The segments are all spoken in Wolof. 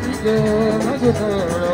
جي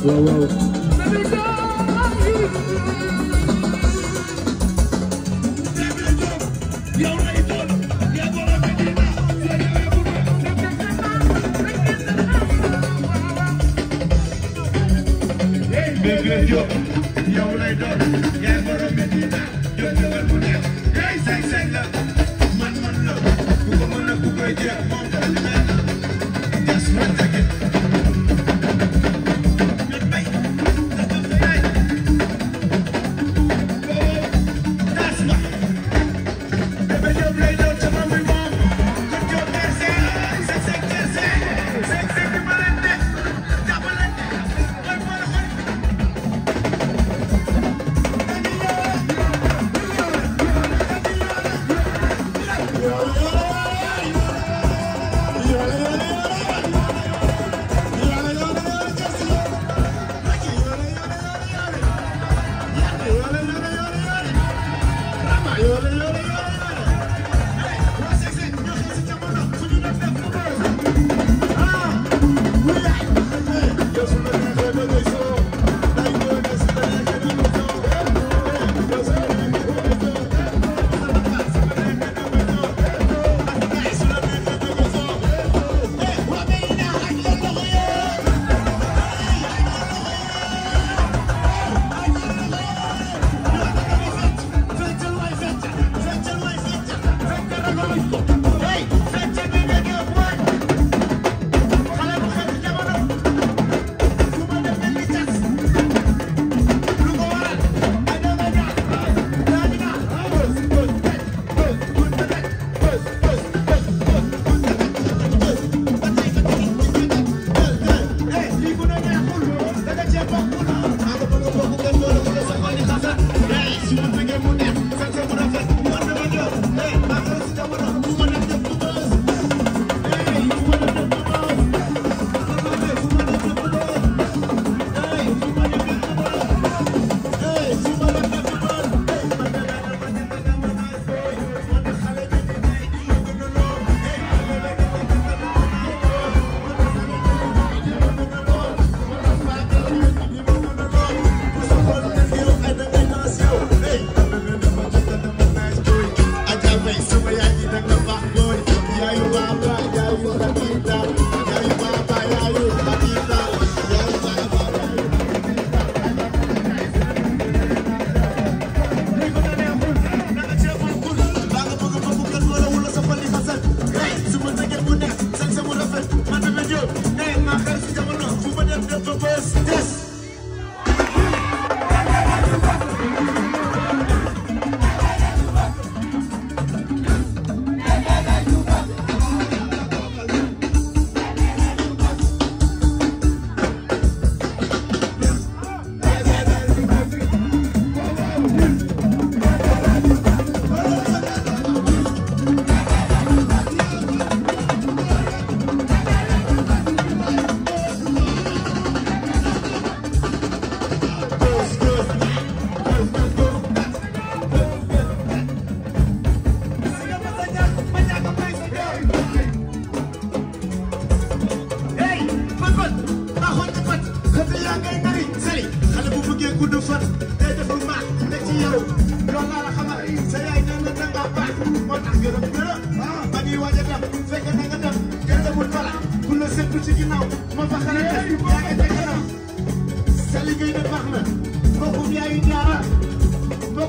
waaw waaw man man la ku ko mën a ku koy jeex moom la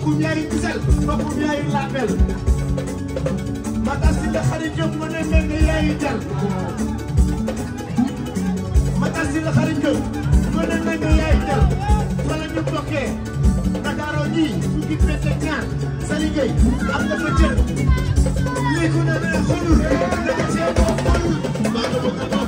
cuñari bisel ma cuñari label mata sila xarit jom mo ne men yaay sila xarit jom mo ne men yaay jal wala ñu bokkee Dakaro ñi ñu ngi pété ñaan sa liggéey am nga fa jël lii ku ne ne xolul da nga cee boo xolul